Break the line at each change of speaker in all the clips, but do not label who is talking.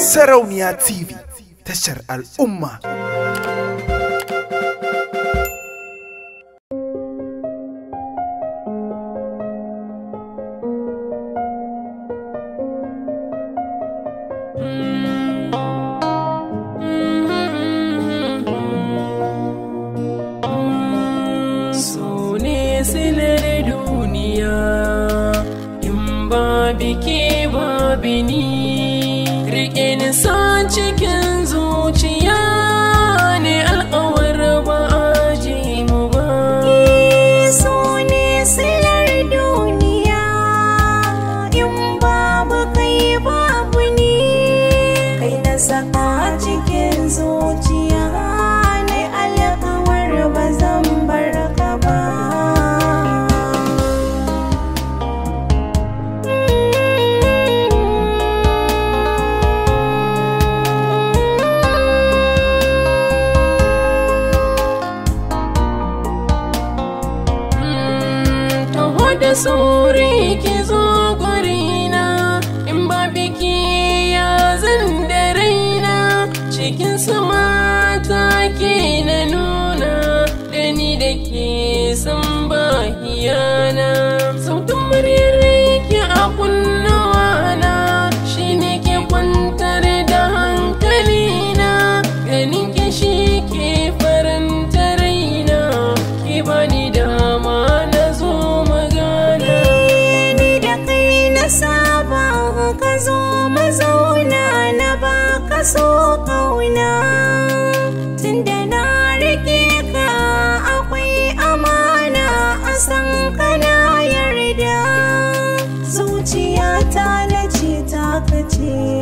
سرونيا تي في تشر الأمة Bikiwa binii riƙe ni son cikin zuciya suri sauri ki zo gurina in ba zan da raina cikin sa.
so kauna tunda na rike ka akwai amana a san kana yarda zuciya ta ce ta kace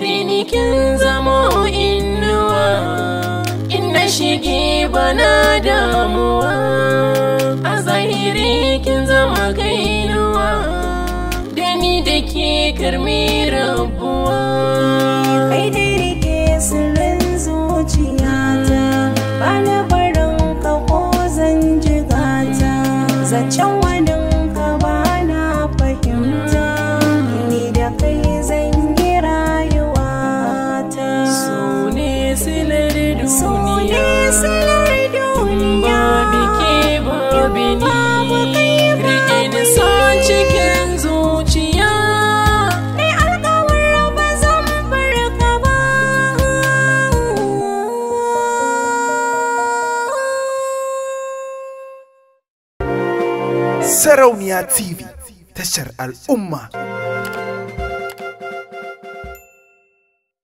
gare ni kin zamo innuwa in na shige bana damuwa a zahiri kin zama kainuwa da ni da ke karmi rabuwa
suniya in ba
bike ba bini rike ni so cikin zuciya ni alkawar ba zan bar ka ba sarauniya tv tashar al'umma